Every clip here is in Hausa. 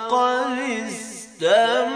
قد استمع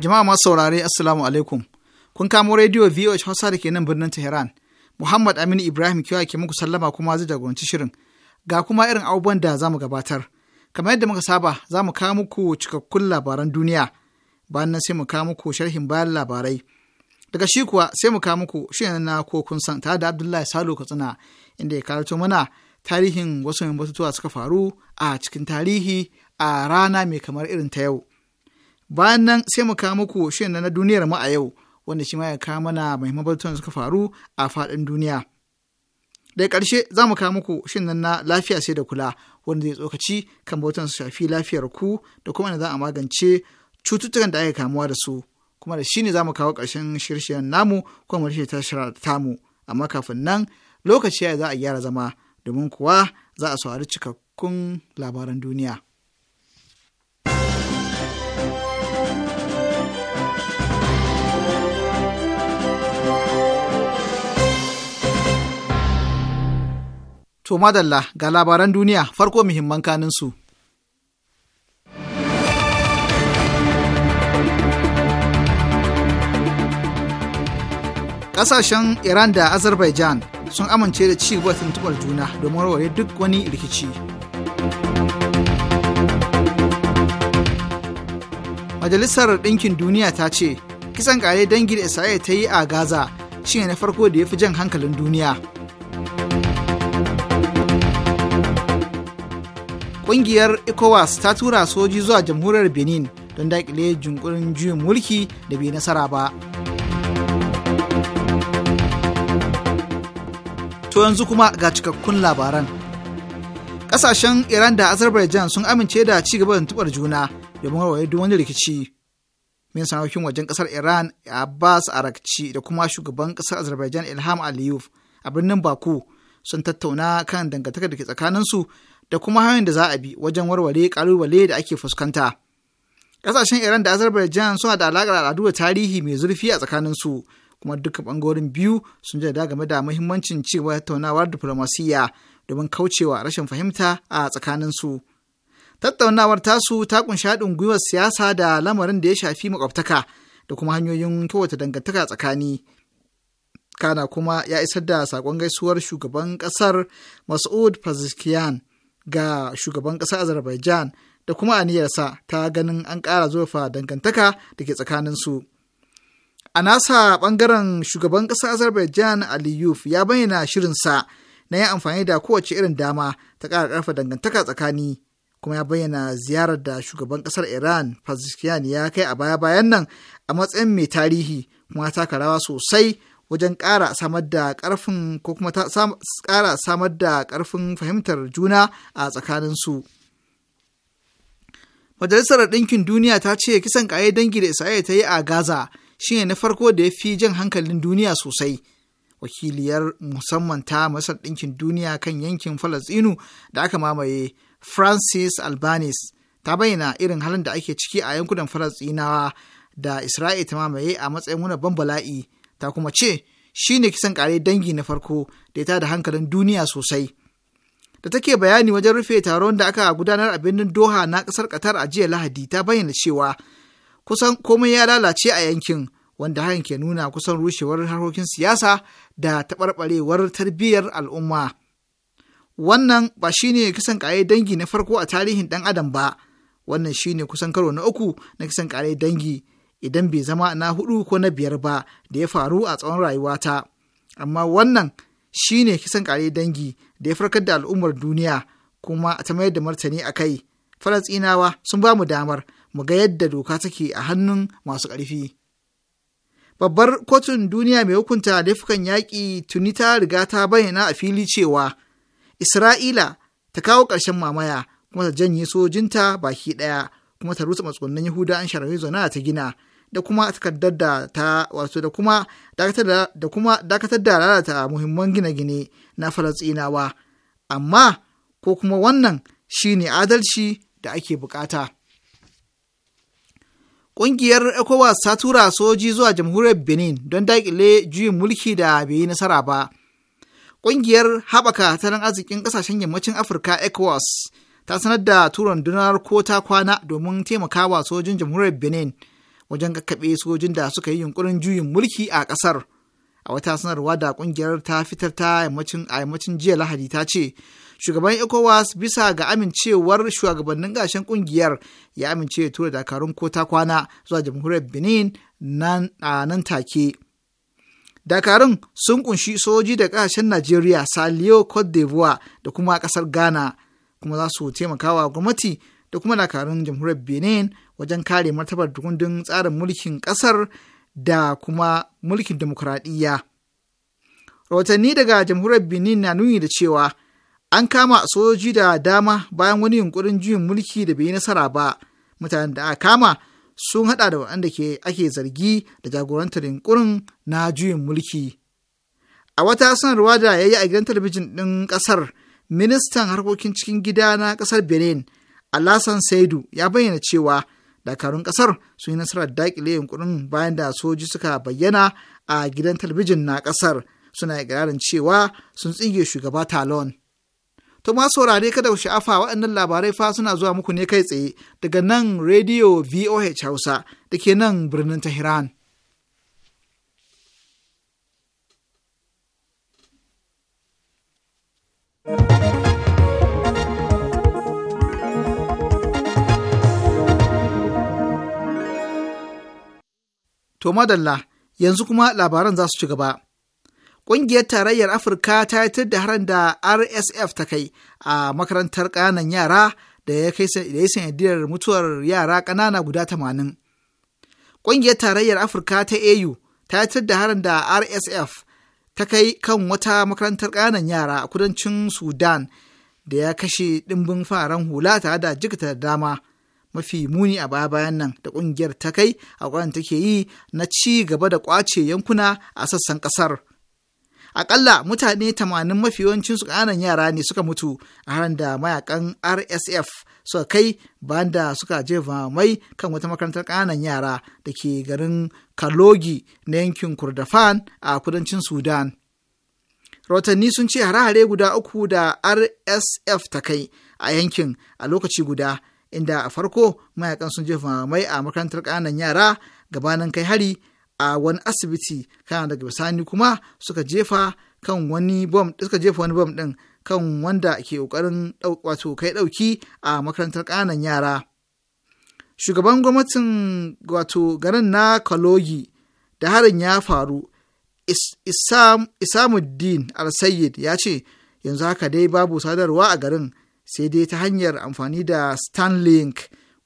Jama'a masu saurare Assalamu alaikum. Kun kamo rediyo VOH Hausa da ke nan birnin Tehran. Muhammad Aminu Ibrahim Kiwa ke muku sallama kuma zai jagoranci shirin. Ga kuma irin abubuwan da za mu gabatar. Kamar yadda muka saba za mu kawo muku cikakkun labaran duniya. Bayan nan sai mu kawo muku sharhin bayan labarai. Daga shi kuwa sai mu kawo muku shirin na ko kun san tare da Abdullahi Salo Katsina inda ya karato mana tarihin wasu mai batutuwa suka faru a cikin tarihi a rana mai kamar irin ta yau. bayan nan sai mu kawo muku shirin na duniyar mu a yau wanda shi ma ya kawo mana muhimman batutuwan suka faru a faɗin duniya da ƙarshe za mu kawo muku shirin nan na lafiya sai da kula wanda zai tsokaci kan bautar su shafi lafiyar ku da kuma za a magance cututtukan da ake kamuwa da su kuma da shi ne za mu kawo ƙarshen shirshen namu kuma mu ta tamu amma kafin nan lokaci ya za a gyara zama domin kuwa za a saurari cikakkun labaran duniya. To madalla ga labaran duniya farko muhimman kanin su. Ƙasashen Iran da Azerbaijan sun amince da ci gaba tuntubar juna domin warware duk wani rikici. Majalisar Ɗinkin Duniya ta ce, kisan ƙare dangin Isra'ila ta yi a Gaza shine na farko da ya fi jan hankalin duniya. Ƙungiyar ECOWAS ta tura soji zuwa jamhuriyar Benin don daƙile junkurin juyin mulki da bai nasara ba. To yanzu kuma ga cikakkun labaran. Ƙasashen Iran da Azerbaijan sun amince da ci gaba da tubar juna domin warware duk wani rikici. Min sanokin wajen kasar Iran Abbas Arakci da kuma shugaban kasar Azerbaijan Ilham Aliyev a birnin Baku sun tattauna kan dangantakar da ke tsakaninsu da kuma hanyoyin da za a bi wajen warware kalubale da ake fuskanta. Ƙasashen Iran da Azerbaijan suna da alaƙar al'adu da tarihi mai zurfi a tsakaninsu, kuma duka ɓangarorin biyu sun da game da muhimmancin ci gaba tattaunawar diflomasiyya domin kaucewa rashin fahimta a tsakaninsu. Tattaunawar tasu ta kunshi haɗin gwiwar siyasa da lamarin da ya shafi makwabtaka da kuma hanyoyin kowace dangantaka tsakani. Kana kuma ya isar da saƙon gaisuwar shugaban ƙasar Mas'ud Pezeshkian ga shugaban ƙasar Azerbaijan da kuma aniyarsa ta ganin an ƙara zofa dangantaka da ke tsakaninsu. A nasa ɓangaren shugaban ƙasar Azerbaijan Aliyuf ya bayyana shirinsa na yin amfani da kowace irin dama ta ƙara ƙarfa dangantaka tsakani kuma ya bayyana ziyarar da shugaban ƙasar Iran pazikiyan ya kai a baya-bayan nan a matsayin mai tarihi kuma ta rawa sosai wajen ƙara samar da ƙarfin ko kuma ƙara samar da ƙarfin fahimtar juna a tsakaninsu. Majalisar Ɗinkin Duniya ta ce kisan ƙaye dangi da Isra'ila ta yi a Gaza shi ne na farko da ya fi jan hankalin duniya sosai. wakiliyar musamman ta Masar Ɗinkin Duniya kan yankin Falasɗinu da aka mamaye Francis Albanese ta bayyana irin halin da ake ciki a yankunan Falasɗinawa da Isra'il ta mamaye a matsayin wani bala'i ta kuma ce shi ne kisan kare dangi na farko da ya da hankalin duniya sosai. Da take bayani wajen rufe taron da aka gudanar a birnin Doha na ƙasar Qatar a jiya Lahadi ta bayyana cewa kusan komai ya lalace a yankin wanda hakan ke nuna kusan rushewar harkokin siyasa da taɓarɓarewar tarbiyyar al'umma. Wannan ba shi ne kisan kare dangi na farko a tarihin ɗan adam ba, wannan shi ne kusan karo na uku na kisan ƙare dangi idan bai zama na hudu ko na biyar ba da ya faru a tsawon rayuwata amma wannan shi shine kisan kare dangi da ya farkar da al'ummar duniya kuma ta mayar da martani a kai falasinawa sun ba mu damar mu ga yadda doka take a hannun masu ƙarfi babbar kotun duniya mai hukunta da laifukan yaƙi tuni ta riga ta bayyana a fili cewa isra'ila ta kawo ƙarshen mamaya kuma ta janye sojinta baki ɗaya kuma ta rusa matsugunan yahuda an sharawi zona ta gina da kuma takardar da ta wato da kuma dakatar da kuma dakatar da lalata muhimman gine-gine na Falasɗinawa amma ko kuma wannan shine adalci da ake bukata. Ƙungiyar ECOWAS ta tura soji zuwa jamhuriyar Benin don daƙile juyin mulki da bai yi nasara ba. Ƙungiyar haɓaka tattalin arzikin ƙasashen yammacin Afirka ECOWAS ta sanar da turan dunar ko ta kwana domin taimakawa sojin jamhuriyar Benin wajen kakkaɓe sojojin da suka yi yunkurin juyin mulki a ƙasar. A wata sanarwa da ƙungiyar ta fitar ta yammacin a yammacin jiya Lahadi ta ce, shugaban ECOWAS bisa ga amincewar shugabannin gashin ƙungiyar ya amince ya tura dakarun ko ta kwana zuwa jamhuriyar Benin nan a nan take. Dakarun sun kunshi soji da ƙasashen Najeriya, Saliyo, Cote d'Ivoire da kuma ƙasar Ghana, kuma za su taimakawa gwamnati da kuma dakarun jamhuriyar benin wajen kare martabar dukundin tsarin mulkin ƙasar da kuma mulkin demokuraɗiyya. rahotanni daga jamhuriyar benin na nuni da cewa an kama sojoji da dama bayan wani yunkurin juyin mulki da bai yi nasara ba mutanen da aka kama sun hada da waɗanda ke ake zargi da jagorantar yunkurin na juyin mulki a wata sanarwa da ya yi a gidan talabijin ɗin ƙasar ministan harkokin cikin gida na ƙasar benin Alasan Saidu ya bayyana cewa dakarun ƙasar sun yi nasarar daƙile yunkurin bayan da soji suka bayyana a gidan talabijin na ƙasar suna ikirarin cewa sun tsige shugaba Talon. To ma saurare kada ku sha'afa waɗannan labarai fa suna zuwa muku ne kai tsaye daga nan Radio VOH Hausa da ke nan birnin Tehran. To madalla, yanzu kuma labaran za su ci gaba. Ƙungiyar Tarayyar Afirka ta yi da haran da RSF ta kai a makarantar ƙananan yara da ya kai da sanadiyar mutuwar yara ƙanana guda tamanin. Ƙungiyar Tarayyar Afirka ta AU ta yi da haran da RSF ta kai kan wata makarantar ƙananan yara a kudancin Sudan da ya kashe ɗimbin faran hula tare da jikata da dama. mafi muni a baya bayan nan da ƙungiyar ta kai a kwanan take yi na ci gaba da ƙwace yankuna a sassan ƙasar. akalla mutane tamanin mafi yawancin su kananan yara ne suka mutu a haran da mayakan RSF suka kai bayan da suka jefa mai kan wata makarantar ƙananan yara da ke garin Kalogi na yankin Kurdafan a kudancin Sudan. Rotanni sun ce hare-hare guda uku da rsf ta kai a yankin a lokaci guda inda a farko mayakan sun jefa mai a makarantar ƙananan yara gabanin kai hari a wani asibiti kana daga bisani kuma suka jefa kan wani bom suka jefa wani bom din kan wanda ke kokarin wato kai dauki a makarantar ƙananan yara shugaban gwamnatin wato garin na kalogi da harin ya faru isamuddin al-sayyid ya ce yanzu haka dai babu sadarwa a garin sai dai ta hanyar amfani da stanlink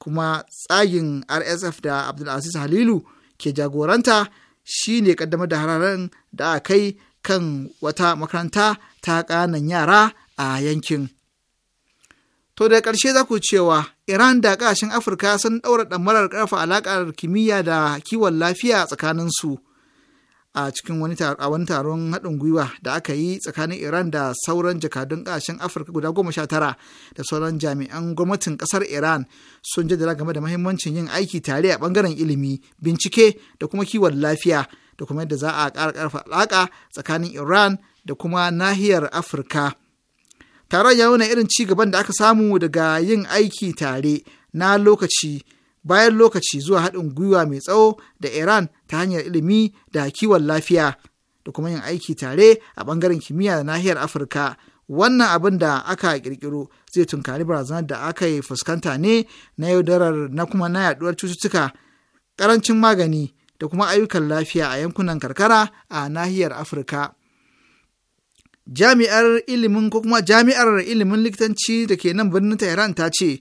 kuma tsagin RSF da Abdulaziz Halilu ke jagoranta shi ne kaddamar da hararen da a kai kan wata makaranta ta ƙanan yara a yankin. To da ƙarshe za ku cewa Iran da ƙasashen Afirka sun ɗaura ɗamarar ƙarfa alaƙar kimiyya da kiwon lafiya tsakaninsu. su. a cikin wani taron haɗin gwiwa da aka yi tsakanin iran da sauran jakadun ƙasashen afirka guda goma sha tara da sauran jami'an gwamnatin ƙasar iran sun jaddara game da mahimmancin yin aiki tare a ɓangaren ilimi bincike da kuma kiwon lafiya da kuma yadda za a ƙara ƙarfa alaƙa tsakanin iran da kuma nahiyar afirka taron ya nuna irin ci gaban da aka samu daga yin aiki tare na lokaci bayan lokaci zuwa haɗin gwiwa mai tsawo da Iran ta hanyar ilimi da kiwon lafiya da kuma yin aiki tare a ɓangaren kimiyya da nahiyar Afirka. Wannan abin da aka ƙirƙiro zai tunkari barazanar da aka yi fuskanta ne na yaudarar na kuma na yaɗuwar cututtuka, ƙarancin magani da kuma ayyukan lafiya a yankunan karkara a nahiyar Afirka. Jami'ar ilimin ko kuma jami'ar ilimin likitanci da ke nan birnin Tehran ta ce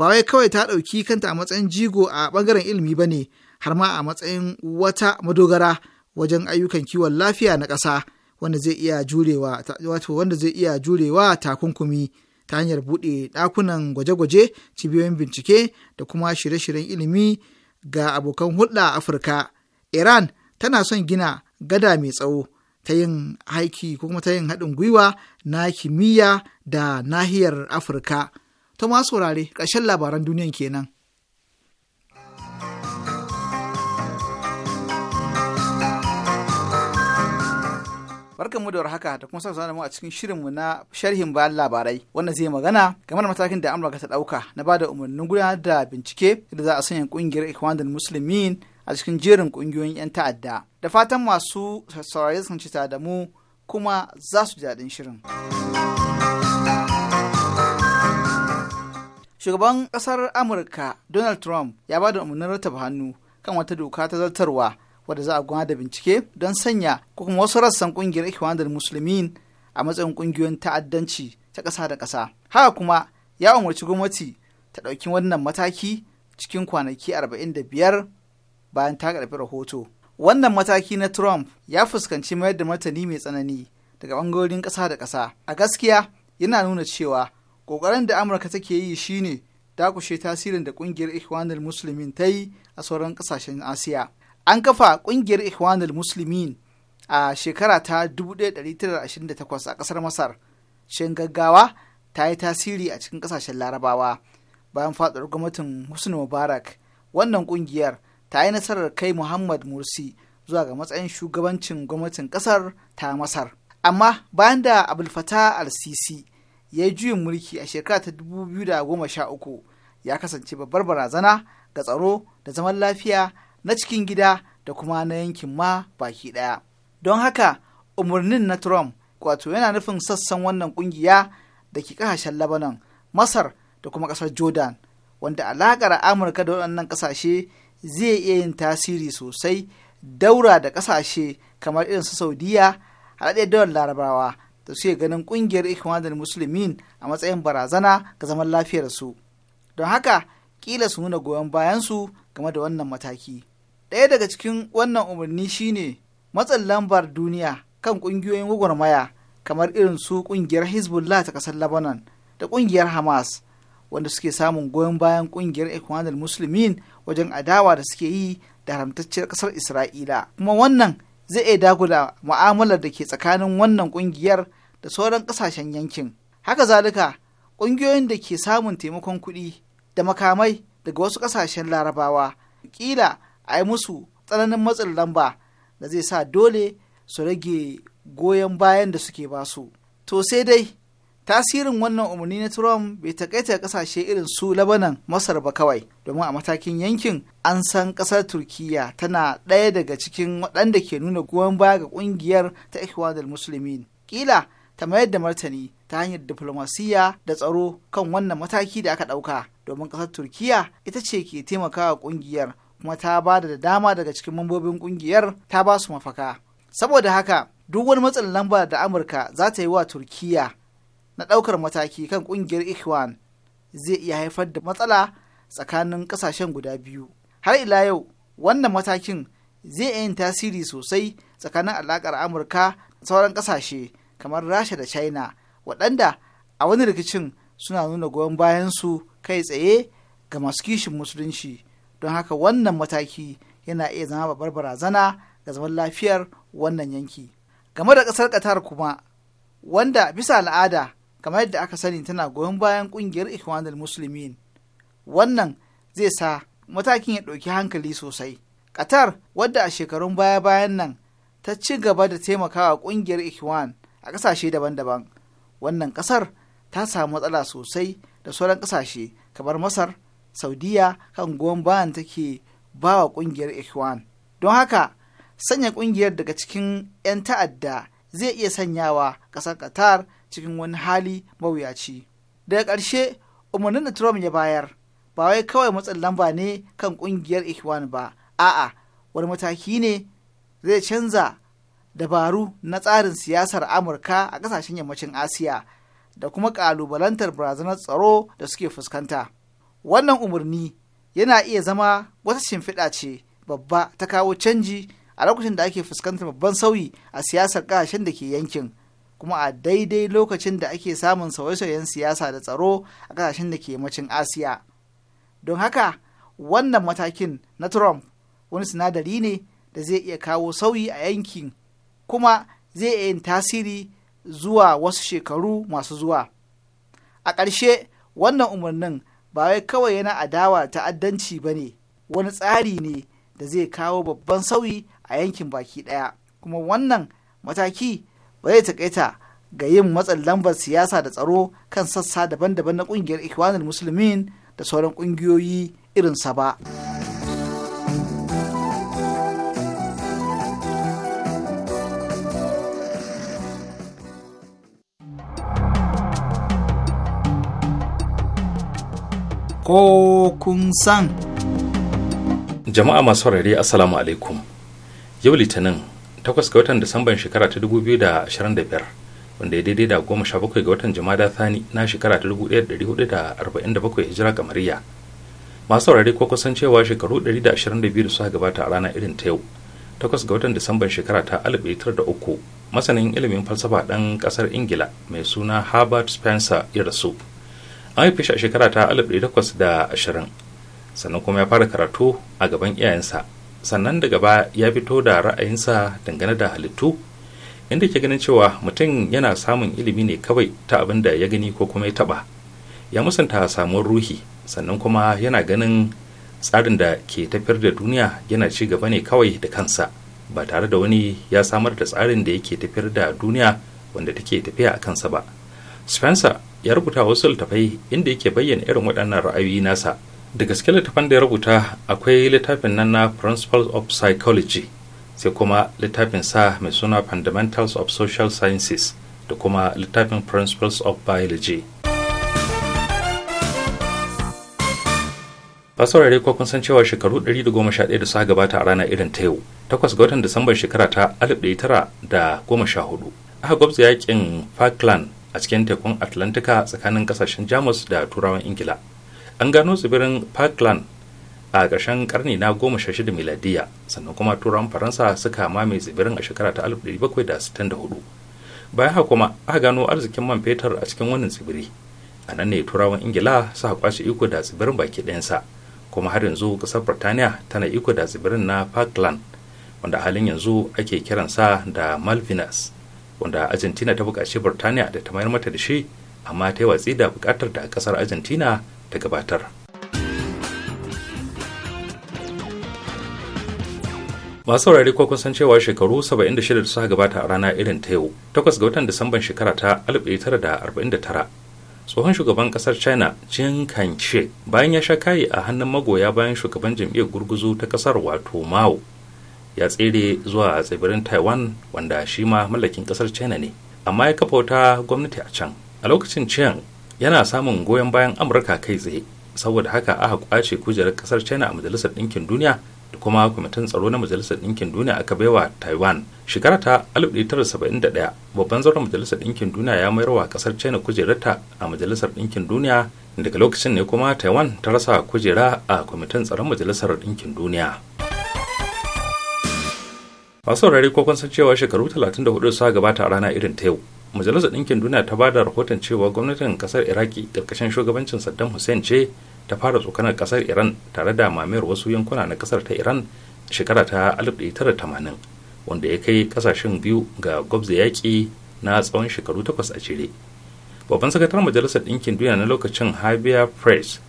ba wai kawai ta ɗauki kanta a matsayin jigo a ɓangaren ilimi ba ne har ma a matsayin wata madogara wajen ayyukan kiwon lafiya na ƙasa wanda zai iya jurewa takunkumi ta hanyar buɗe ɗakunan gwaje-gwaje cibiyoyin bincike da kuma shirye-shiryen ilimi ga abokan hulɗa a afirka iran tana son gina gada mai tsawo ta yin haiki ko kuma ta yin haɗin gwiwa na kimiyya da nahiyar afirka ta masu wurare ƙarshen labaran duniyan kenan. barkan mu da warhaka da kuma da mu a cikin mu na sharhin bayan labarai wanda zai magana game da matakin da amurka ta ɗauka na bada umarnin gudanar da bincike da za a sanya kungiyar ikwanul muslimin a cikin jerin ƙungiyoyin yan ta'adda da fatan masu saurare sun cita da mu kuma za su ji daɗin shirin. shugaban kasar amurka donald trump ya ba da umarnin rataba hannu kan wata doka ta zartarwa wadda za a gudanar da bincike don sanya ko kuma wasu rassan kungiyar ikhwanul musulmin a matsayin kungiyoyin ta'addanci ta ƙasa da ƙasa haka kuma ya umarci gwamnati ta ɗauki wannan mataki cikin kwanaki arba'in da biyar bayan ta karɓi rahoto wannan mataki na trump ya fuskanci mayar da martani mai tsanani daga ɓangarorin ƙasa da ƙasa a gaskiya yana nuna cewa ƙoƙarin da amurka take yi shine dakushe tasirin da ƙungiyar ikhwanul muslimin ta yi a sauran ƙasashen asiya an kafa ƙungiyar ikhwanul muslimin a shekara ta 1928 a ƙasar masar shin gaggawa ta yi tasiri a cikin ƙasashen larabawa bayan faɗuwar gwamnatin husni mubarak wannan ƙungiyar ta yi nasarar kai muhammad mursi zuwa ga matsayin shugabancin gwamnatin ƙasar ta masar amma bayan da abulfata al-sisi ya yi juyin mulki a shekara ta biyu da goma sha uku ya kasance babbar barazana ga tsaro da zaman lafiya na cikin gida da kuma na yankin ma baki ɗaya. Don haka umarnin na Trump wato yana nufin sassan wannan kungiya da ke ƙasashen Lebanon, Masar da kuma kasar Jordan, wanda alaƙar Amurka da waɗannan ƙasashe zai iya yin tasiri sosai daura da ƙasashe kamar irin su Saudiya, haɗe dawar Larabawa da suke ganin ƙungiyar ikhwanul muslimin a matsayin barazana ga zaman lafiyar su. don haka kila su nuna goyon bayansu game da wannan mataki ɗaya daga cikin wannan umarni shine matsin lambar duniya kan ƙungiyoyin gwagwarmaya kamar irin su ƙungiyar hezbollah ta ƙasar lebanon da ƙungiyar hamas wanda suke samun goyon bayan ƙungiyar ikhwanul muslimin wajen adawa da suke yi da haramtacciyar ƙasar isra'ila kuma wannan zai iya dagula mu'amalar da ke tsakanin wannan ƙungiyar da sauran ƙasashen yankin. Haka zalika, ƙungiyoyin da ke samun taimakon kuɗi da makamai daga wasu ƙasashen larabawa, ƙila a yi musu tsananin matsin lamba da zai sa dole su rage goyon bayan da suke basu. To sai dai, tasirin wannan umarni na Trump bai takaita kasashe irin su Labanan, Masar ba kawai, domin a matakin yankin an san kasar Turkiyya tana ɗaya daga cikin waɗanda ke nuna goyon baya ga ƙungiyar ta Ikhwanul Muslimin. Kila ta mayar da martani ta hanyar diflomasiyya da tsaro kan wannan mataki da aka ɗauka, domin ƙasar Turkiyya ita ce ke taimakawa ƙungiyar kuma ta ba da dama daga cikin mambobin ƙungiyar ta ba su mafaka. Saboda haka, duk wani matsin lamba da Amurka za ta yi wa Turkiyya na ɗaukar mataki kan ƙungiyar ikhwan zai iya haifar da matsala tsakanin ƙasashen guda biyu har ila yau wannan matakin zai iya yin tasiri sosai tsakanin alaƙar amurka da sauran ƙasashe kamar rasha da china waɗanda a wani rikicin suna nuna goyon bayansu kai tsaye ga masu kishin musulunci don haka wannan mataki yana iya zama babbar barazana ga zaman lafiyar wannan yanki game da ƙasar qatar kuma wanda bisa al'ada kamar yadda aka sani tana goyon bayan kungiyar ikhwanul muslimin wannan zai sa matakin ya ɗauki hankali sosai qatar wadda a shekarun baya bayan nan ta ci gaba da taimakawa kungiyar ikhwan a ƙasashe daban-daban wannan ƙasar ta samu matsala sosai da sauran ƙasashe kamar masar saudiya kan goyon bayan take ba wa ƙungiyar ikhwan don haka sanya ƙungiyar daga cikin 'yan ta'adda zai iya sanyawa ƙasar qatar cikin wani hali mawuyaci daga ƙarshe umarnin da trump ya bayar ba wai kawai matsin lamba ne kan ƙungiyar ikhwan ba a'a wani mataki ne zai canza dabaru na tsarin siyasar amurka a ƙasashen yammacin asiya da kuma ƙalubalantar barazanar tsaro da suke fuskanta wannan umarni yana iya zama wata shimfiɗa ce babba ta kawo canji a lokacin da ake fuskantar babban sauyi a siyasar ƙasashen da ke yankin kuma a daidai lokacin da ake samun sauye-sauyen siyasa da tsaro a ƙasashen da ke yammacin asiya don haka wannan matakin na trump wani sinadari ne da zai iya kawo sauyi a yankin kuma zai iya yin tasiri zuwa wasu shekaru masu zuwa a ƙarshe wannan umarnin ba wai kawai yana adawa ta'addanci ba ne wani tsari ne da zai kawo babban sauyi a yankin baki ɗaya kuma wannan mataki ba zai taƙaita ga yin matsin lambar siyasa da tsaro kan sassa daban-daban na ƙungiyar ikhwanul musulmin da sauran ƙungiyoyi irinsa ba. Ko kun san. Jama'a masu rari Assalamu alaikum. Yau Litinin takwas ga watan disamban shekara ta 2025 wanda ya daidai da goma sha bakwai ga watan jama'a thani na shekara ta 1447 hijira kamariya masu saurare ko kusan cewa shekaru 122 da suka gabata a rana irin ta yau takwas ga watan disamban shekara ta 1903 masanin ilimin falsafa ɗan ƙasar ingila mai suna herbert spencer ya rasu an haife shi a shekara ta 1820 sannan kuma ya fara karatu a gaban iyayensa sannan daga ba ya fito da ra'ayinsa dangane da halittu inda ke ganin cewa mutum yana samun ilimi ne kawai ta abin da ya gani ko kuma ya taɓa. ya musanta samuwar ruhi sannan kuma yana ganin tsarin da ke tafiyar da duniya yana ci gaba ne kawai da kansa ba tare da wani ya samar da tsarin da yake tafiyar da duniya wanda take tafiya a kansa ba spencer ya rubuta wasu littafai inda yake bayyana irin waɗannan ra'ayoyi nasa da gaske littafin da ya rubuta akwai littafin nan na principles of psychology sai kuma littafin sa mai suna fundamentals of social sciences da kuma littafin principles of biology saurare ko kun san cewa shekaru 111 da su gabata a rana irin ta yau takwas ga watan disambar shekara ta 1914 aka gwabza yakin falkland a cikin tekun atlantika tsakanin kasashen jamus da turawan ingila an gano tsibirin parkland a ƙarshen karni na 16 miladiya sannan kuma turan faransa suka mame tsibirin a shekara ta 1764 bayan haka kuma aka gano arzikin man fetur a cikin wannan tsibiri a nan ne turawan ingila suka kwace iko da tsibirin baki ɗayansa kuma har yanzu ƙasar birtaniya tana iko da tsibirin na parkland wanda halin yanzu ake kiransa da malvinas wanda argentina ta buƙaci birtaniya da ta mayar mata da shi amma ta yi watsi da buƙatar da ƙasar argentina ta gabatar masu saurari ko san cewa shekaru 76 da suka gabata a rana irin ta yau 8 ga watan disamban shekara ta 1949 tsohon shugaban kasar china jin kanche bayan ya sha kayi a hannun magoya bayan shugaban jam'iyyar gurguzu ta kasar wato mao ya tsere zuwa tsibirin taiwan wanda shi ma mallakin kasar china ne amma ya kafa wata gwamnati a can a lokacin chiang yana samun goyon bayan amurka kai tsaye saboda haka aka kwace kujerar kasar china a majalisar ɗinkin duniya da kuma kwamitin tsaro na majalisar ɗinkin duniya aka baiwa taiwan shekara ta 1971 babban zauren majalisar ɗinkin duniya ya mayar wa kasar china kujerarta a majalisar ɗinkin duniya daga lokacin ne kuma taiwan ta rasa kujera a kwamitin tsaron majalisar ɗinkin duniya masu saurari ko kun san cewa shekaru 34 suka gabata a rana irin ta yau majalisar ɗinkin duniya ta bada rahoton cewa gwamnatin kasar iraki ƙarƙashin shugabancin saddam hussein ce ta fara tsokanar kasar iran tare da mamayar wasu yankuna na kasar ta iran shekara ta 1980 wanda ya kai kasashen biyu ga gwabza yaƙi na tsawon shekaru takwas a jere babban sakataren majalisar ɗinkin duniya na lokacin habia press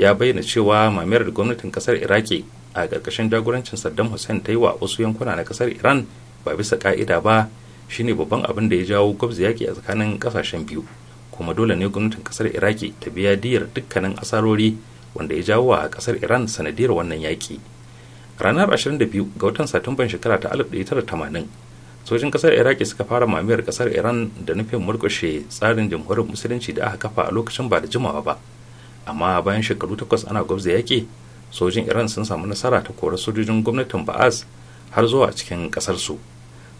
ya bayyana cewa mamayar da gwamnatin kasar iraki a ƙarƙashin jagorancin saddam hussein ta yi wa wasu yankuna na kasar iran ba bisa ƙa'ida ba shine babban abin da ya jawo gwabza yaki a tsakanin kasashen biyu kuma dole ne gwamnatin kasar iraki ta biya diyar dukkanin asarori wanda ya jawo a kasar iran sanadiyar wannan yaki ranar 22 ga watan satumban shekara ta 1980 sojin kasar iraki suka fara mamiyar kasar iran da nufin murkushe tsarin jamhuriyar musulunci da aka kafa a lokacin ba da jimawa ba amma bayan shekaru takwas ana gwabza yaƙi sojin iran sun samu nasara ta kora sojojin gwamnatin ba'az har zuwa cikin ƙasarsu. su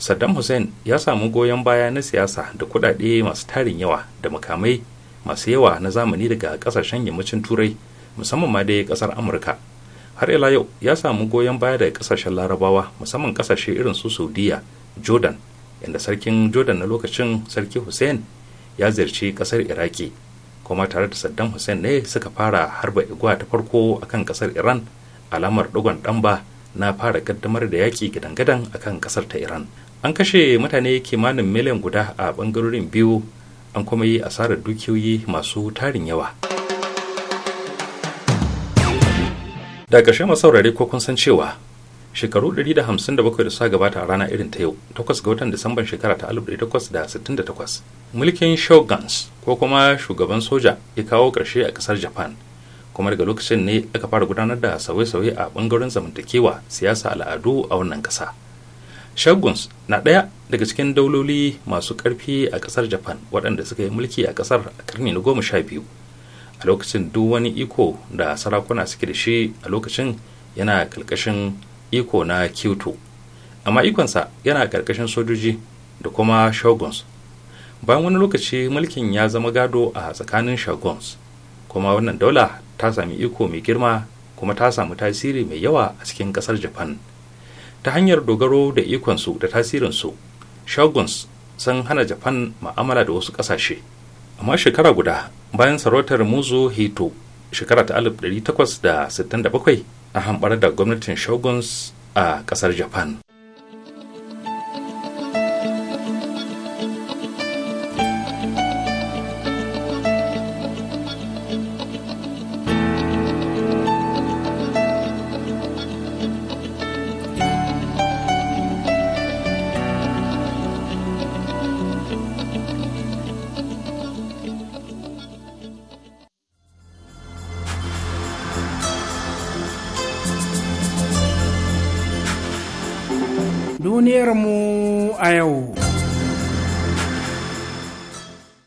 saddam hussein ya samu goyon baya na siyasa da kudade masu tarin yawa da makamai masu yawa na zamani daga kasashen yammacin turai musamman ma dai kasar amurka har ila yau ya samu goyon baya daga kasashen larabawa musamman kasashe irin su saudiya jordan inda sarkin jordan na lokacin sarki hussein ya ziyarci kasar iraki kuma tare da saddam hussein ne suka fara harba igwa ta farko akan kasar iran alamar dogon damba na fara kaddamar da yaƙi gidan-gadan akan kasar ta iran an kashe mutane kimanin miliyan guda a bangarorin biyu an kuma yi asarar dukiyoyi masu tarin yawa da ƙarshe masaurare ko kun san cewa shekaru 157 da suka gabata a rana irin ta yau 8 ga watan disamban shekara ta 1868 mulkin shoguns ko kuma shugaban soja ya kawo ƙarshe a ƙasar japan kuma daga lokacin ne aka fara gudanar da sauye-sauye a bangaren zamantakewa siyasa al'adu a wannan ƙasa. shaguns na ɗaya daga cikin dauloli masu ƙarfi a ƙasar japan waɗanda suka yi mulki a ƙasar a karni na goma sha biyu a lokacin duk wani iko da sarakuna suke da shi a lokacin yana ƙarƙashin iko na kyoto amma ikonsa yana ƙarƙashin sojoji da kuma shoguns bayan wani lokaci mulkin ya zama gado a tsakanin shoguns kuma wannan daula ta sami iko mai girma kuma ta samu tasiri mai yawa a cikin ƙasar japan ta hanyar dogaro da ikonsu da tasirinsu shoguns sun hana japan ma'amala da wasu ƙasashe amma shekara guda bayan sarautar muzo hito shekara ta 1867 a hambar da gwamnatin shoguns a ƙasar japan mu a yau.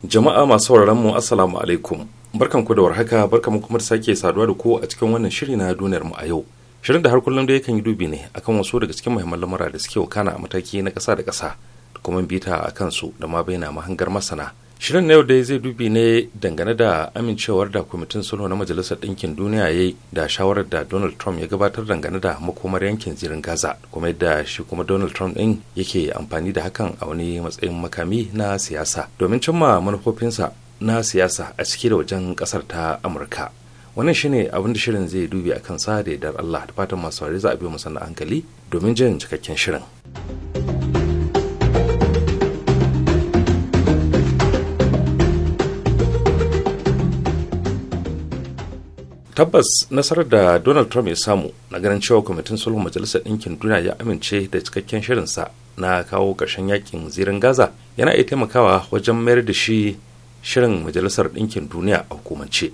Jama'a masu mu Assalamu alaikum. Barkan ku da warhaka, barkan kuma sake saduwa da ku a cikin wannan shiri na duniyarmu a yau. Shirin da har kullum da yakan yi dubi ne akan wasu daga cikin muhimman lamura da suke wakana a mataki na ƙasa da ƙasa da kuma bita a kansu da ma bayyana mahangar masana. Shirin na yau dai zai dubi ne dangane da amincewar da kwamitin sulhu na Majalisar Ɗinkin Duniya ya yi da shawarar da Donald Trump ya gabatar dangane da makomar yankin zirin Gaza, kuma yadda shi kuma Donald Trump ɗin yake amfani da hakan a wani matsayin makami na siyasa domin cimma manufofinsa na siyasa a ciki da wajen ƙasar ta Amurka. Wannan shine abin da shirin zai dubi a kansa da yardar Allah da fatan masu za a biyo musanna hankali domin jin cikakken shirin. tabbas nasarar da donald trump ya samu na ganin cewa kwamitin sulhun majalisar ɗinkin duniya ya amince da cikakken shirinsa na kawo ƙarshen yakin zirin gaza yana iya taimakawa wajen mayar da shi shirin majalisar ɗinkin duniya a hukumance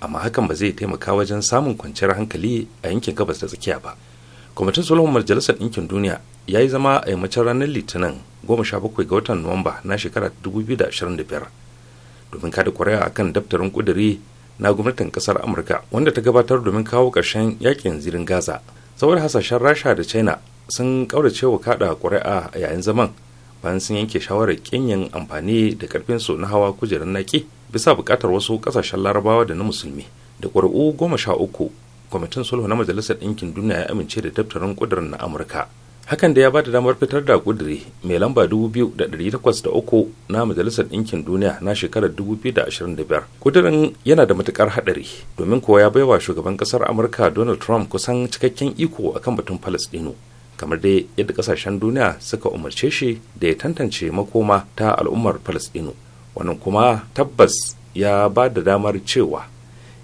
amma hakan ba zai taimaka wajen samun kwanciyar hankali a yankin gabas da tsakiya ba kwamitin sulhun majalisar ɗinkin duniya ya yi zama a yammacin ranar litinin goma sha bakwai ga watan nuwamba na shekara da biyar domin kada kwarewa akan daftarin kuduri na gwamnatin kasar amurka wanda ta gabatar domin kawo ƙarshen yakin zirin gaza saboda hasashen rasha da china sun kaurace wa kada ƙuri'a a yayin zaman bayan sun yanke shawarar kinyin amfani da karfin su na hawa kujerar naki bisa buƙatar wasu ƙasashen larabawa da na musulmi da ƙuri'u goma sha uku kwamitin sulhu na majalisar ɗinkin duniya ya amince da daftarin ƙudurin na amurka hakan da ya ba da damar fitar da kuduri mai lamba 2,803 na majalisar ɗinkin duniya na shekarar 2025 kudirin yana da matukar haɗari domin kuwa ya baiwa shugaban ƙasar amurka donald trump kusan cikakken iko akan batun palestino kamar dai yadda kasashen duniya suka umarce shi da ya tantance makoma ta al'ummar palestino wannan kuma tabbas ya ba da damar cewa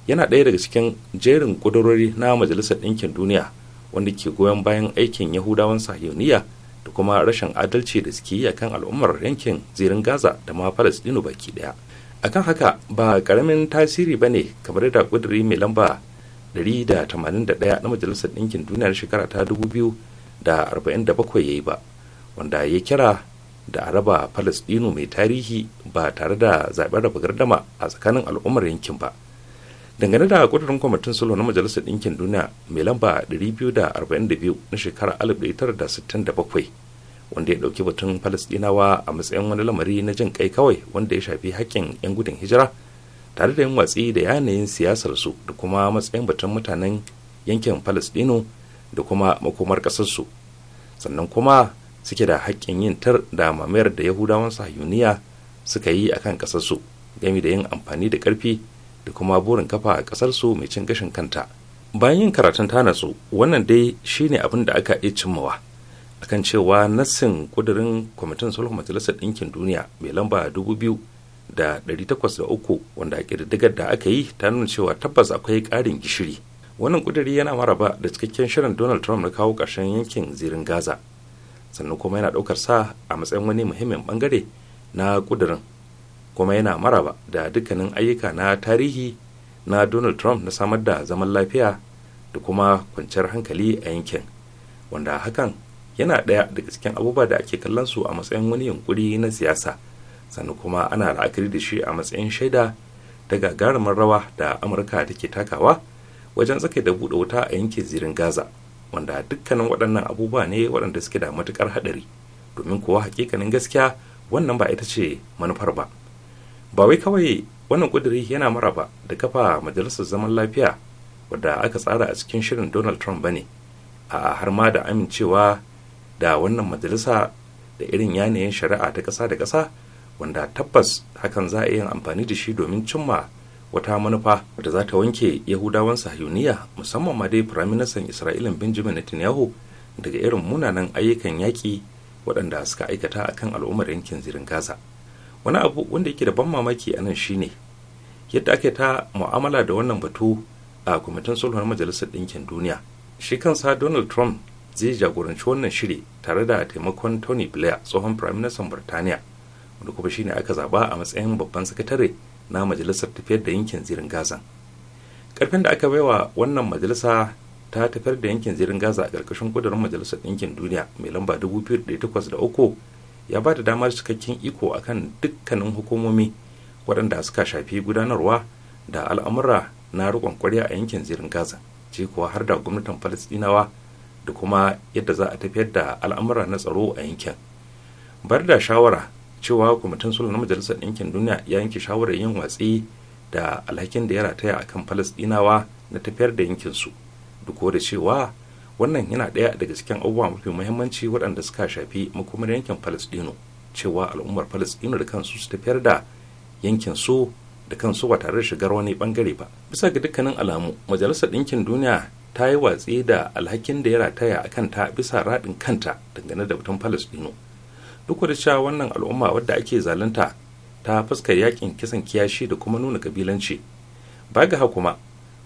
yana ɗaya daga cikin jerin ƙudurori na majalisar ɗinkin duniya wanda ke goyon bayan aikin yahudawan sahiyoniya da kuma rashin adalci da suke yi akan al'ummar yankin zirin gaza da ma falastinu baki daya akan haka ba karamin tasiri ba ne kamar da kuduri mai lamba 181 na majalisar ɗinkin na shekara ta 2047 ya yi ba wanda ya kira da a raba falasɗinu mai tarihi ba tare da zaɓen raba gardama a tsakanin al'ummar yankin ba dangane da kudurin kwamitin sulhu na majalisar ɗinkin duniya mai lamba 242 na shekarar 1967 wanda ya ɗauki batun falasɗinawa a matsayin wani lamari na jin kai kawai wanda ya shafi haƙƙin 'yan gudun hijira tare da yin watsi da yanayin siyasarsu da kuma matsayin batun mutanen yankin falasɗino da kuma makomar kasarsu sannan kuma suke da haƙƙin yin tar da mamayar da yahudawan sahiyuniya suka yi a kan ƙasarsu game da yin amfani da ƙarfi da kuma burin kafa a kasar su mai cin gashin kanta bayan yin karatun ta nasu wannan dai shine abin da aka iya cimmawa akan cewa nassin kudirin kwamitin sulh majalisar ɗinkin duniya mai lamba 2803 wanda ƙididdigar da aka yi ta nuna cewa tabbas akwai ƙarin gishiri wannan kudiri yana maraba da cikakken shirin donald trump na kawo ƙarshen yankin zirin gaza sannan kuma yana ɗaukar sa a matsayin wani muhimmin bangare na kudirin kuma yana maraba da dukkanin ayyuka na tarihi na donald trump na samar da zaman lafiya da kuma kwanciyar hankali a yankin wanda hakan yana ɗaya daga cikin abubuwa da ake kallon su a matsayin wani yunkuri na siyasa sannan kuma ana la'akari da shi a matsayin shaida ta gagarumin rawa da amurka take takawa wajen tsakai da buɗe wuta a yankin zirin gaza wanda dukkanin waɗannan abubuwa ne waɗanda suke da matuƙar haɗari domin kuwa hakikanin gaskiya wannan ba ita ce manufar ba ba wai kawai wannan kudiri yana maraba da kafa majalisar zaman lafiya wadda aka tsara a cikin shirin donald trump ba ne a har ma da amincewa da wannan majalisa da irin yanayin shari'a ta ƙasa da ƙasa wanda tabbas hakan za a yi amfani da shi domin cimma wata manufa da za ta wanke yahudawan sahiyuniya musamman ma dai firaministan isra'ila benjamin netanyahu daga irin munanan ayyukan yaƙi waɗanda suka aikata akan al'ummar yankin zirin gaza wani abu wanda yake da ban mamaki a nan shine yadda ake ta mu'amala da wannan batu a kwamitin sulhun majalisar ɗinkin duniya shi kansa donald trump zai jagoranci wannan shiri tare da taimakon tony blair tsohon prime minister burtaniya wanda kuma shine aka zaba a matsayin babban sakatare na majalisar tafiyar da yankin zirin gaza karfin da aka baiwa wannan majalisa ta tafiyar da yankin zirin gaza a karkashin kudurin majalisar ɗinkin duniya mai lamba 2803 ya ba da damar cikakken iko akan dukkanin hukumomi waɗanda suka shafi gudanarwa da al'amura na riƙon kwarya a yankin zirin gaza ce kuwa har da gwamnatin falastinawa da kuma yadda za a tafiyar da al'amura na tsaro a yankin bar da shawara cewa kwamitin sulhu na majalisar ɗinkin duniya ya yanke shawarar yin watsi da alhakin da ya rataya akan falastinawa na tafiyar da yankinsu duk da cewa wannan yana ɗaya daga cikin abubuwa mafi muhimmanci waɗanda suka shafi makomar yankin palestino cewa al'ummar palestino da kansu su tafiyar da yankin su da kansu ba tare da shigar wani bangare ba bisa ga dukkanin alamu majalisar ɗinkin duniya ta yi watsi da alhakin da ya rataya a kanta bisa raɗin kanta dangane da batun palestino duk da cewa wannan al'umma wadda ake zalunta ta fuskar yakin kisan kiyashi da kuma nuna kabilanci ba ga kuma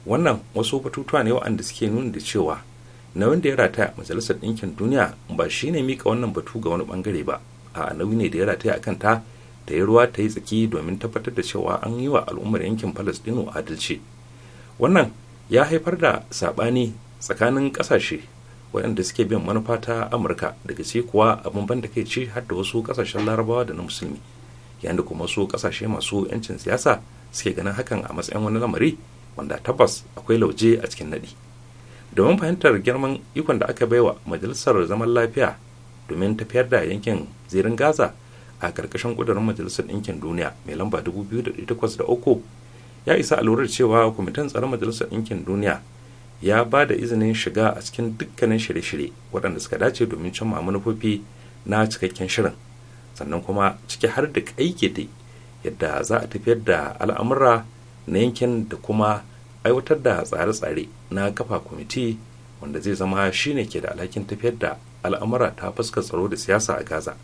wannan wasu batutuwa ne waɗanda suke nuna da cewa na wanda ya rataya majalisar ɗinkin duniya ba shi ne mika wannan batu ga wani bangare ba a nauyi ne da ya rataya a kanta ta yi ruwa ta yi tsaki domin tabbatar da cewa an yi wa al'ummar yankin palestino adalci wannan ya haifar da saɓani tsakanin ƙasashe waɗanda suke bin manufa ta amurka daga ce kuwa abin ban da kai ce har da wasu ƙasashen larabawa da na musulmi yayin da kuma wasu ƙasashe masu 'yancin siyasa suke ganin hakan a matsayin wani lamari wanda tabbas akwai lauje a cikin naɗi. domin fahimtar girman ikon da aka baiwa majalisar zaman lafiya domin tafiyar da yankin zirin gaza a ƙarƙashin ƙudurin majalisar ɗinkin duniya mai lamba 2008 ya isa alurar cewa kwamitin tsaron majalisar ɗinkin duniya ya ba da izinin shiga a cikin dukkanin shirye-shirye waɗanda suka dace domin cimma manufofi na cikakken shirin sannan kuma ciki har da ƙayyade yadda za a tafiyar da al'amura na yankin da kuma aiwatar da tsare-tsare na kafa kwamiti wanda zai zama shine ke da alhakin tafiyar da al'amura ta fuskar tsaro da siyasa a gaza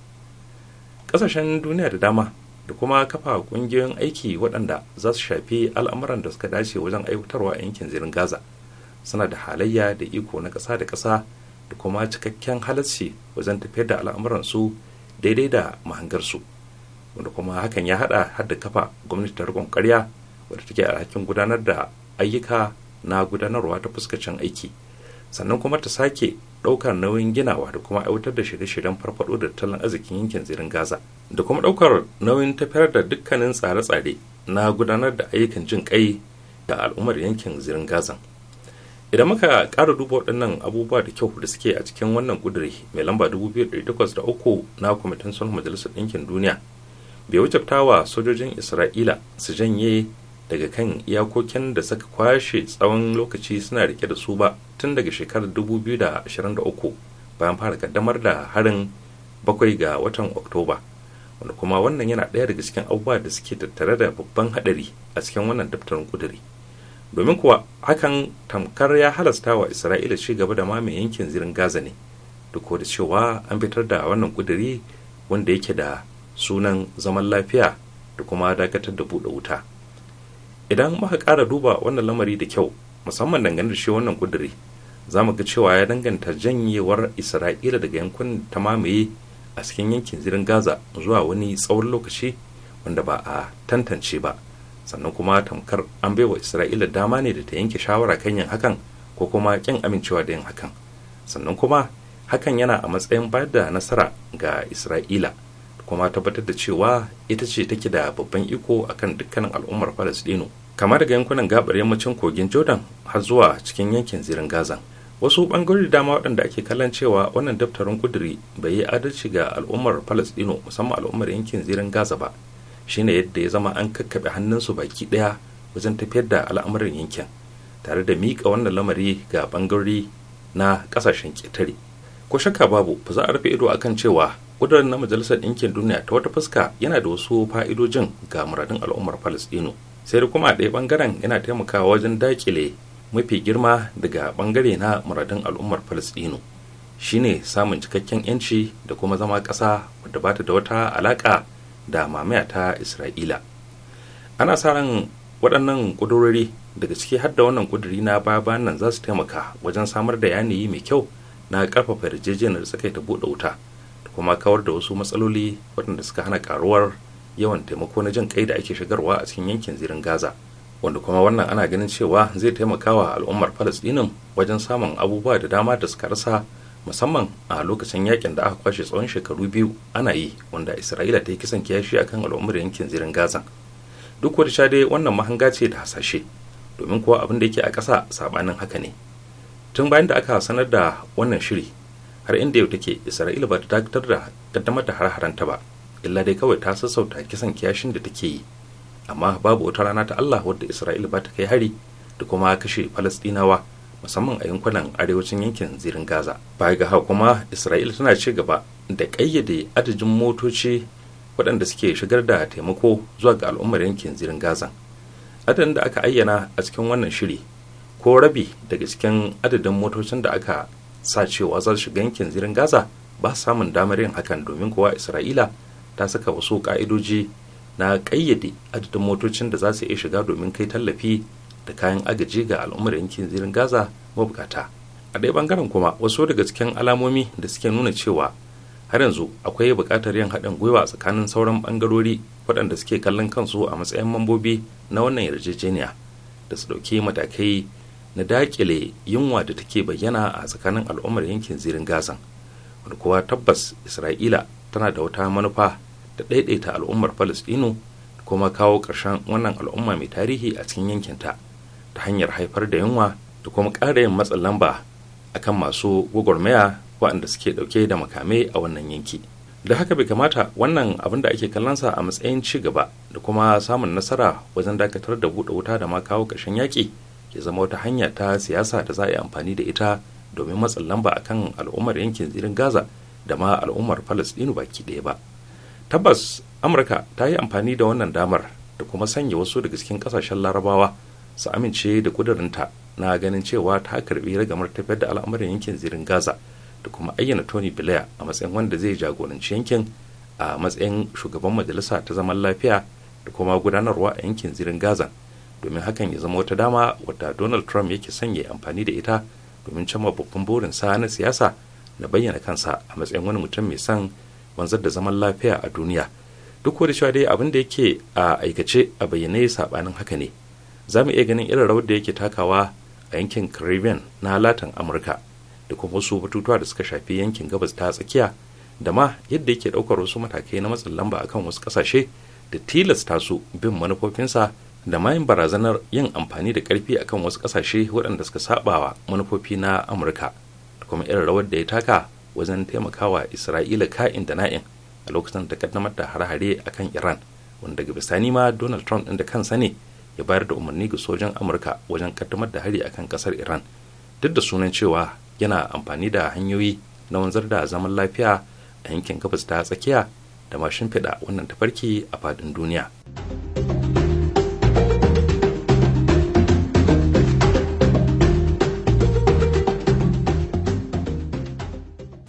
ƙasashen duniya da dama da kuma kafa ƙungiyoyin aiki waɗanda za su shafi al'amuran da suka dace wajen aiwatarwa a yankin zirin gaza suna da halayya da iko na ƙasa da ƙasa da kuma cikakken halarci wajen tafiyar da su daidai da mahangarsu wanda kuma hakan ya haɗa har da kafa gwamnati ta riƙon ƙarya wadda take alhakin gudanar da ayyuka na gudanarwa ta fuskacin aiki sannan kuma ta sake ɗaukar nauyin ginawa da kuma aiwatar da shirye-shiryen farfaɗo da tattalin arzikin yankin zirin gaza da kuma ɗaukar nauyin tafiyar da dukkanin tsare-tsare na gudanar da ayyukan jin kai da al'ummar yankin zirin gazan idan muka ƙara duba waɗannan abubuwa da kyau da suke a cikin wannan ƙuduri mai lamba 2008 na kwamitin sulhu majalisar ɗinkin duniya bai wajabta wa sojojin isra'ila su janye daga kan iyakokin da suka kwashe tsawon lokaci suna rike da su ba tun daga shekarar 2023 bayan fara kaddamar da harin bakwai ga watan oktoba wanda kuma wannan yana ɗaya daga cikin abubuwa da suke tattare da babban haɗari a cikin wannan daftarin kuduri domin kuwa hakan tamkar ya halasta wa isra'ila ci gaba da mamaye yankin zirin gaza ne duk da cewa an fitar da wannan kuduri wanda yake da sunan zaman lafiya da kuma dakatar da buɗe wuta idan muka ƙara duba wannan lamari da kyau musamman dangane da shi wannan ƙuduri za mu ga cewa ya danganta janyewar isra'ila daga yankunan ta mamaye a cikin yankin zirin gaza zuwa wani tsawon lokaci wanda ba a tantance ba sannan kuma tamkar an baiwa isra'ila dama ne da ta yanke shawara kan yin hakan ko kuma kin amincewa da yin hakan sannan kuma hakan yana a matsayin bayar da nasara ga isra'ila kuma tabbatar da cewa ita ce take da babban iko akan dukkanin al'ummar Falasɗinu. Kama daga yankunan gabar yammacin kogin Jordan har zuwa cikin yankin zirin Gaza. Wasu bangarori dama waɗanda ake kallon cewa wannan daftarin kuduri bai yi adalci ga al'ummar Falasɗinu musamman al'ummar yankin zirin Gaza ba. Shine yadda ya zama an kakkaɓe hannunsu baki ɗaya wajen tafiyar da al'amuran yankin tare da miƙa wannan lamari ga bangarori na ƙasashen ƙetare. Ko shakka babu ba za a rufe ido akan cewa ƙudurin na majalisar ɗinkin duniya ta wata fuska yana da wasu fa'idojin ga muradin al'ummar palestino sai da kuma a ɗaya ɓangaren yana taimakawa wajen daƙile mafi girma daga ɓangare na muradin al'ummar palestino shine samun cikakken 'yanci da kuma zama ƙasa wadda ba ta da wata alaƙa da mamaya ta isra'ila ana sa ran waɗannan ƙudurori daga ciki har da wannan ƙuduri na baya nan za su taimaka wajen samar da yanayi mai kyau na ƙarfafa yarjejeniyar tsakai ta buɗe wuta kuma kawar da wasu matsaloli waɗanda suka hana karuwar yawan taimako na jin kai da ake shigarwa a cikin yankin zirin gaza wanda kuma wannan ana ganin cewa zai taimaka wa al'ummar falastinin wajen samun abubuwa da dama da suka rasa musamman a lokacin yakin da aka kwashe tsawon shekaru biyu ana yi wanda isra'ila ta yi kisan kiyashi akan al'ummar yankin zirin gaza duk wata sha dai wannan mahanga ce da hasashe domin kuwa abin da yake a ƙasa sabanin haka ne tun bayan da aka sanar da wannan shiri har inda yau take isra'ila ba ta dakatar da kaddamar da har-haranta ba illa dai kawai ta sassauta kisan kiyashin da take yi amma babu wata rana ta allah wadda isra'ila ba ta kai hari da kuma kashe falastinawa musamman a yankunan arewacin yankin zirin gaza baya ga kuma isra'ila tana ci gaba da kayyade adadin motoci waɗanda suke shigar da taimako zuwa ga al'ummar yankin zirin gaza adadin da aka ayyana a cikin wannan shiri ko rabi daga cikin adadin motocin da aka sa cewa za shiga yankin zirin gaza ba samun damar yin hakan domin kuwa isra'ila ta saka wasu ka'idoji na ƙayyade adadin motocin da za su iya shiga domin kai tallafi da kayan agaji ga al'ummar yankin zirin gaza mabukata a ɗaya bangaren kuma wasu daga cikin alamomi da suke nuna cewa har yanzu akwai buƙatar yin haɗin gwiwa tsakanin sauran ɓangarori waɗanda suke kallon kansu a matsayin mambobi na wannan yarjejeniya da su ɗauki matakai na dakile yunwa da take bayyana a tsakanin al'ummar yankin zirin gazan wanda kuwa tabbas isra'ila tana da wata manufa da ɗaiɗaita al'ummar falastinu da kuma kawo ƙarshen wannan al'umma mai tarihi a cikin yankin ta ta hanyar haifar da yunwa da kuma ƙara yin matsin lamba akan masu gwagwarmaya waɗanda suke ɗauke da makame a wannan yanki da haka bai kamata wannan abin da ake kallonsa a matsayin ci gaba da kuma samun nasara wajen dakatar da buɗe wuta da ma kawo ƙarshen yaƙi ya zama wata hanya ta siyasa da za a yi amfani da ita domin matsin lamba akan al'ummar yankin zirin gaza da ma al'ummar palestinu baki ɗaya ba tabbas amurka ta yi amfani da wannan damar da kuma sanya wasu daga cikin kasashen larabawa su amince da kudurinta na ganin cewa ta karbi ragamar tafiyar da al'amuran yankin zirin gaza da kuma ayyana tony blair a matsayin wanda zai jagoranci yankin a matsayin shugaban majalisa ta zaman lafiya da kuma gudanarwa a yankin zirin gaza domin hakan ya zama wata dama wadda donald trump yake sanya amfani da ita domin cimma babban sa na siyasa na bayyana kansa a matsayin wani mutum mai son wanzar da zaman lafiya a duniya duk da cewa dai abin da yake a aikace a bayyane sabanin haka ne za mu iya ganin irin rawar da yake takawa a yankin caribbean na latin amurka da kuma wasu batutuwa da suka shafi yankin gabas ta tsakiya da ma yadda yake daukar wasu matakai na matsin lamba akan wasu kasashe da tilasta su bin manufofinsa da mayin barazanar yin amfani da karfi akan wasu kasashe waɗanda suka sabawa manufofi na amurka da kuma irin rawar da ya taka wajen taimakawa isra'ila ka'in da na'in a lokacin da kaddamar da hare-hare akan iran wanda daga bisani ma donald trump ɗin da kansa ne ya bayar da umarni ga sojan amurka wajen kaddamar da hari akan kasar iran duk da sunan cewa yana amfani da hanyoyi na wanzar da zaman lafiya a yankin gabas ta tsakiya da mashin fiɗa wannan tafarki a faɗin duniya.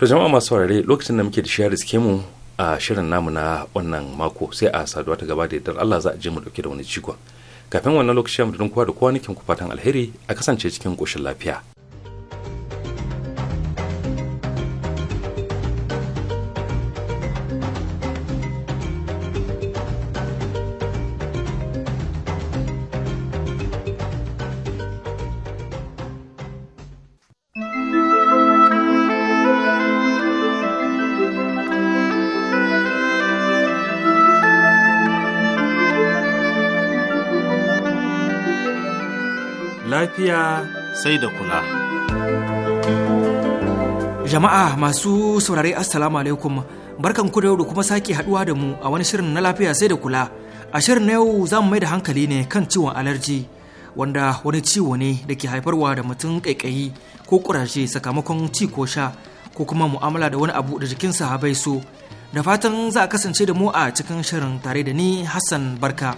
to jama'a masu saurare lokacin da muke da shiyar riske mu a shirin namu na wannan mako sai a saduwa ta gaba da yadda Allah za a je mu dauke da wani cikon kafin wannan lokacin mu da kowa da kowa nake ku fatan alheri a kasance cikin koshin lafiya lafiya sai da kula. Jama'a masu saurare Assalamu alaikum barkan ku da yau da kuma sake haduwa da mu a wani shirin na lafiya sai da kula. A shirin na yau za mu mai da hankali ne kan ciwon alarji wanda wani ciwo ne da ke haifarwa da mutum kaikayi ko kuraje sakamakon ci ko sha ko kuma mu'amala da wani abu da jikinsa bai so. Da fatan za a kasance da mu a cikin shirin tare da ni Hassan Barka.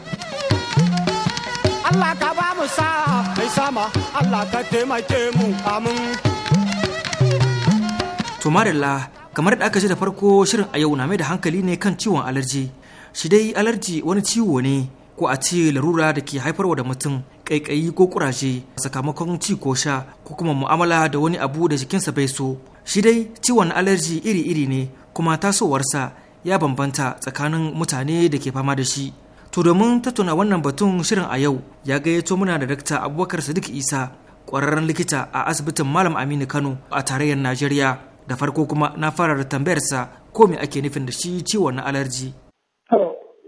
Allah ka mu sa mai sama Allah ka taimake mu amin. To marilla kamar da aka ji da farko shirin a yau na mai da hankali ne kan ciwon alarji. Shi dai alarji wani ciwo ne ko a ce larura da ke haifarwa da mutum kaikayi ko kuraje sakamakon ci ko sha ko kuma mu'amala da wani abu da jikinsa bai so. Shi dai ciwon alarji iri-iri ne kuma tasowarsa ya bambanta tsakanin mutane da ke fama da shi. To domin tattauna wannan batun shirin a yau ya gayyato muna da Dakta Abubakar Sadiq Isa ƙwararren likita a asibitin Malam Aminu Kano a tarayyar Najeriya. Da farko kuma na fara da tambayarsa ko me ake nufin da shi ciwon na alarji.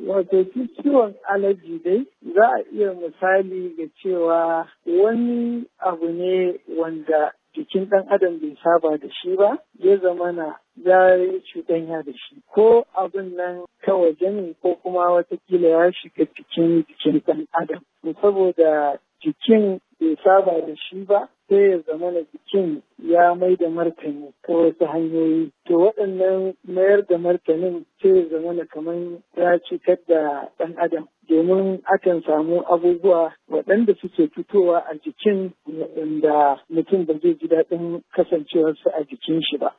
wato shi ciwon alaji dai za a iya misali ga cewa wani abu ne wanda jikin ɗan adam bai saba da shi ba ya zamana ya yi ya da shi ko abin nan ta waje ne ko kuma watakila ya shiga cikin jikin ɗan adam saboda jikin bai saba da shi ba sai ya zama na jikin ya mai da martani ta wasu hanyoyi to waɗannan mayar da martanin sai ya zama na kamar ya cutar da ɗan adam domin akan samu abubuwa waɗanda suke fitowa a jikin waɗanda mutum ba zai ji daɗin kasancewarsu a jikin shi ba.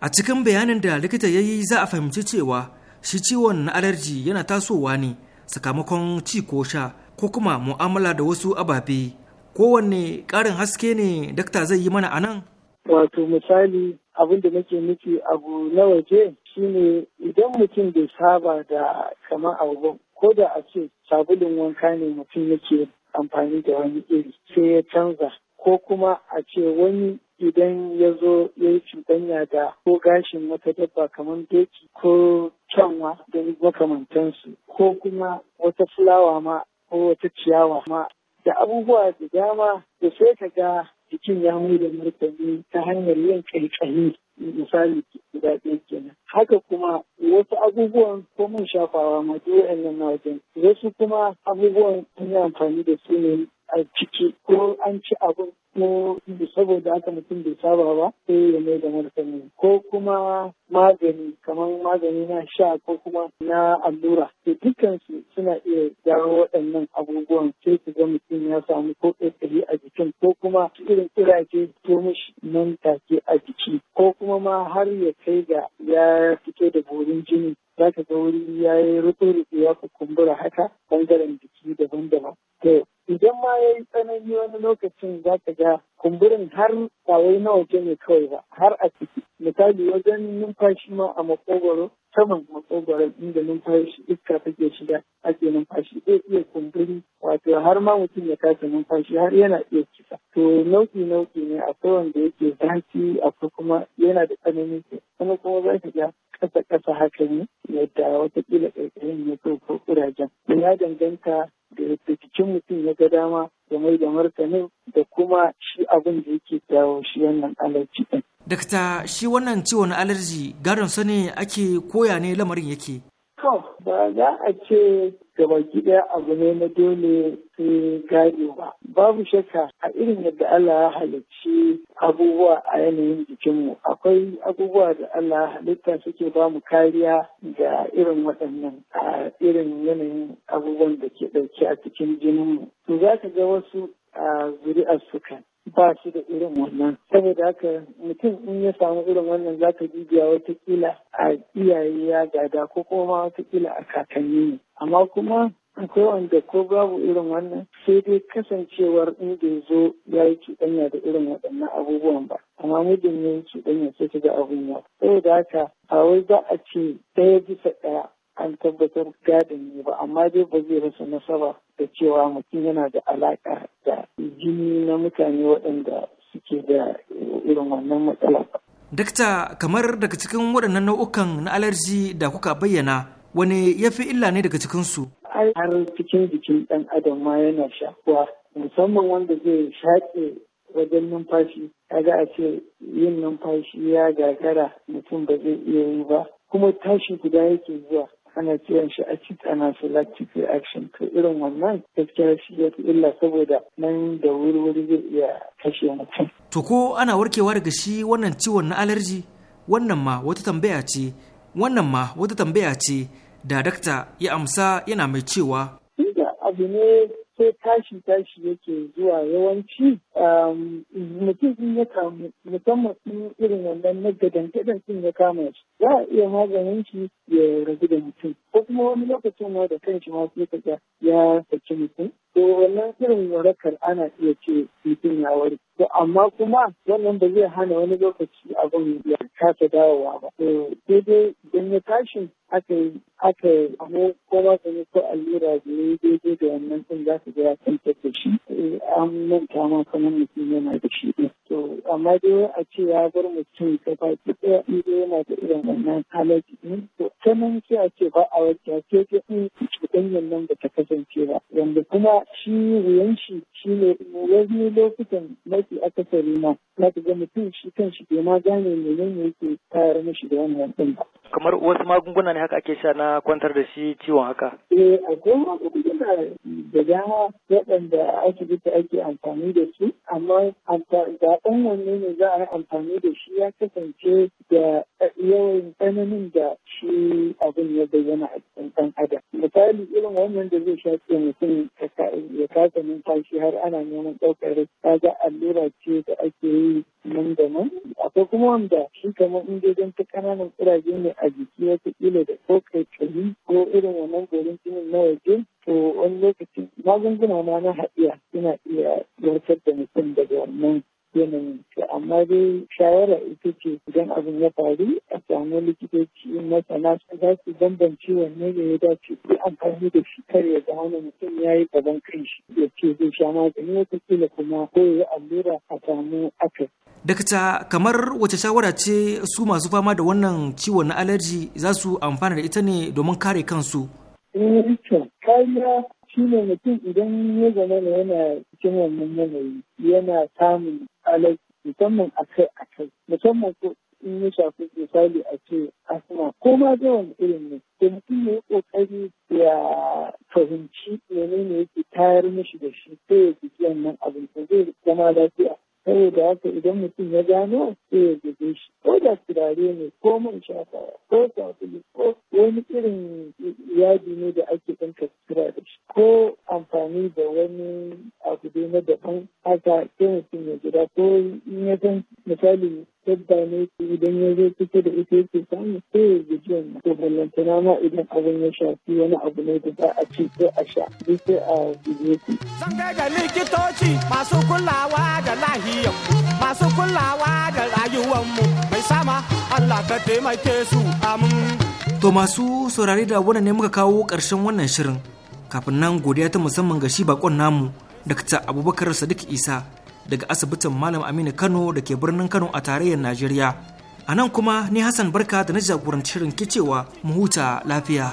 A cikin bayanin da likita ya yi za a fahimci cewa shi ciwon na alerji yana tasowa ne sakamakon ci ko sha ko kuma mu'amala da wasu ababe kowanne ƙarin haske ne dakta zai yi mana a nan? Wato misali abin da nake nufi abu na waje shine idan mutum bai saba da kamar abu ko da a ce sabulun wanka ne mutum yake amfani da wani iri sai ya canza ko kuma a ce wani idan ya zo ya yi cuɗanya da ko gashin wata dabba kamar doki ko canwa da makamantansu ko kuma wata fulawa ma ko wata ciyawa ma da abubuwa da dama da sai ka ga jikin ya mai da martani ta hanyar yin kaikayi misali guda ɗaya kenan haka kuma wasu abubuwan ko man shafawa ma duk wa'annan na wajen wasu kuma abubuwan sun yi amfani da su ne a ciki ko an ci abin ko saboda haka mutum bai saba ba sai ya mai da martani ko kuma magani kamar magani na sha ko kuma na allura to su suna iya jawo waɗannan abubuwan sai su ga mutum ya samu ko ƙirƙiri a jikin ko kuma irin ƙirage ko mishi nan take a jiki ko kuma ma har ya kai ga ya fito da borin jini za ka ga wuri ya yi rufe-rufe ya kumbura haka ɓangaren jiki daban-daban. idan ma ya yi tsanani wani lokacin za ka ga kumburin har kawai na waje ne kawai ba har a ciki misali wajen numfashi ma a makogoro saman makogoro inda numfashi iska take shiga ake numfashi zai iya kumburi wato har ma mutum ya kasa numfashi har yana iya cika to nau'i nauki ne akwai wanda yake zafi akwai kuma yana da tsanani kuma kuma za ka ga ƙasa ƙasa haka ne yadda watakila ƙaiƙayin ya ko kurajen ya danganta da jikin mutum ya ga dama da mai da martanin da kuma shi abin da yake jawo shi wannan alerji din. Dakta shi wannan ciwon alerji gadon sani ake koya ne lamarin yake. To, ba za a ce gaba gida abu ne na dole sai gado ba. Babu shakka a irin yadda Allah ya halicci abubuwa a yanayin jikinmu. Akwai abubuwa da Allah halitta suke ba mu kariya ga irin waɗannan a irin yanayin abubuwan da ke ɗauki a cikin jininmu. To za ka ga wasu a zuri'ar sukan ba shi da irin wannan saboda haka mutum in ya samu irin wannan za ka dubiya watakila a iyaye ya gada ko kuma watakila a kakanni ne amma kuma akwai wanda ko babu irin wannan sai dai kasancewar inda ya zo ya yi cuɗanya da irin waɗannan abubuwan ba amma mudin ya yi cuɗanya sai su ga ya saboda haka a wai za a ce ɗaya bisa ɗaya an tabbatar gadin ne ba amma dai ba zai rasa nasaba da cewa mutum yana da alaƙa da jini na mutane waɗanda suke da irin wannan matsala. Dakta kamar daga cikin waɗannan nau'ukan na alerji da kuka bayyana wani ya fi illa ne daga cikinsu? Har cikin jikin ɗan adam ma yana shakuwa musamman wanda zai shaƙe wajen numfashi ga a ce yin numfashi ya gagara mutum ba zai iya yi ba kuma tashi guda yake zuwa ana kiran shi a ana anaphylactic reaction to irin wannan gaskiya shi ya fi illa saboda nan da wuri-wuri zai iya kashe mutum. To ko ana warkewa daga shi wannan ciwon na alerji? Wannan ma wata tambaya ce, wannan ma wata tambaya ce da dakta ya amsa yana mai cewa. abu ne sai tashi tashi yake zuwa yawanci um, mutum in ya kamu musamman in irin wannan na gadan sun ya kama shi za a iya maganin shi ya ragu da mutum ko kuma wani lokacin ma da kanshi ma sai ka ya saki mutum to wannan irin warakar ana iya ce mutum ya wari to amma kuma wannan ba zai hana wani lokaci abin ya kasa dawowa ba to sai dai idan ya tashi aka yi aka yi amma ko ba ka yi ko allura da daidai da wannan sun za su ga ya kwantar shi eh, an manta ma kamar mutum yana da shi to amma dai a ce ya bar mutum ta baki ɗaya in dai yana da irin wannan halaji ne to ta ki a ce ba a wajen ke ke in cutan nan ba ta kasance ba wanda kuma da shi wuyan shi shi ne wani lokutan mafi akasari ma na ta ga mutum shi kan shi ke ma gane menene yake tayar mashi da wannan ɗin. Kamar wasu magunguna ne haka ake sha na kwantar da shi ciwon haka? Eh, akwai magunguna suna da dama waɗanda asibiti ake amfani da su amma zaɓen wanne ne za a yi amfani da shi ya kasance da yawan tsananin da shi abin ya bayyana a cikin ɗan adam misali irin wannan da zai shafi mutum ya kasa numfashi har ana neman ɗaukar kaga allura ce da ake yi nan da nan akwai kuma wanda shi kamar in dai don ta ƙananan ƙuraje ne a jiki wata da ko kai ko irin wannan gorin jinin na waje to wani lokaci magunguna ma na haɗiya suna iya warkar da mutum daga wannan yanayin to amma dai shawara ita ce idan abin ya faru a samu likitoci masana su za su bambance wanne da ya dace ko amfani da shi kar ya zama na mutum ya yi gaban kanshi ya ce zai sha magani wata kuma ko ya allura a samu aka. Dakta kamar wace shawara ce su masu fama da wannan ciwon na alerji za su amfana da ita ne domin kare kansu Eh, kariya shi ne mutum idan ya zama ne yana cikin wannan yanayi yana samun alaƙi musamman akai akai musamman ko in ya shafi misali a ce asma ko ma da wani irin ne da mutum ya yi kokari ya fahimci menene yake tayar mishi da shi sai ya fi wannan abin da zai zama lafiya saboda haka idan mutum ya gano sai ya guje shi ko da turare ne ko man shafawa ko sabulu ko wani irin yadi ne da ake ɗinka sutura da shi ko amfani da wani abu dai na daban haka sai mutum ya gida ko in ya san misali yadda ne idan ya zo fito da ita yake samu sai ya guji wannan to ballantana ma idan abin ya shafi wani abu ne da za a ci ko a sha duk sai a guje su. zan kai ga likitoci masu kulawa da lahiyar masu kulawa da rayuwarmu mai sama allah ka taimake su amin. to masu saurari da wannan ne muka kawo ƙarshen wannan shirin kafin nan godiya ta musamman ga shi bakon namu dakta Abubakar Sadiq Isa daga asibitin Malam Aminu Kano da ke birnin Kano a tarayyar Najeriya. A nan kuma ni Hassan Barka da na jagoranci rikicewa mu huta lafiya.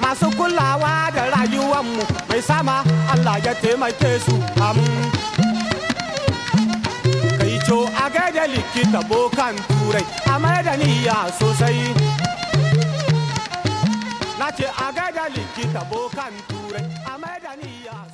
Masu kulawa da rayuwanmu mai sama Allah ya taimake su Kai co a gaida likita bokan turai a da niyya sosai. Na ce a gaida likita bokan turai a da niyya